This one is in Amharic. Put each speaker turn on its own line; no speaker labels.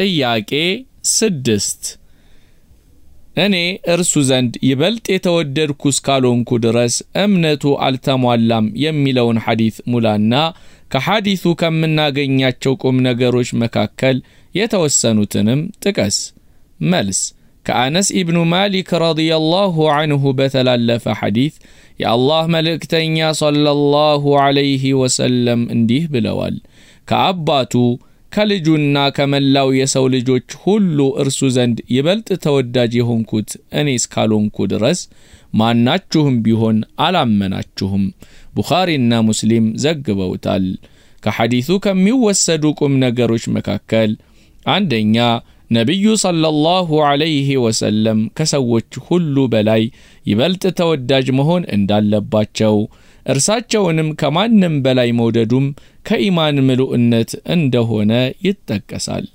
ጥያቄ ስድስት እኔ እርሱ ዘንድ ይበልጥ የተወደድኩ እስካልሆንኩ ድረስ እምነቱ አልተሟላም የሚለውን ሐዲት ሙላና ከሐዲቱ ከምናገኛቸው ቁም ነገሮች መካከል የተወሰኑትንም ጥቀስ። መልስ ከአነስ ኢብኑ ማሊክ ረዲየላሁ አንሁ በተላለፈ ሐዲት የአላህ መልእክተኛ ሰለላሁ ዐለይሂ ወሰለም እንዲህ ብለዋል ከአባቱ ከልጁና ከመላው የሰው ልጆች ሁሉ እርሱ ዘንድ ይበልጥ ተወዳጅ የሆንኩት እኔ እስካልሆንኩ ድረስ ማናችሁም ቢሆን አላመናችሁም። ቡኻሪና ሙስሊም ዘግበውታል። ከሐዲቱ ከሚወሰዱ ቁም ነገሮች መካከል አንደኛ ነቢዩ ሰለላሁ ዐለይሂ ወሰለም ከሰዎች ሁሉ በላይ ይበልጥ ተወዳጅ መሆን እንዳለባቸው እርሳቸውንም ከማንም በላይ መውደዱም ከኢማን ምሉዕነት እንደሆነ ይጠቀሳል።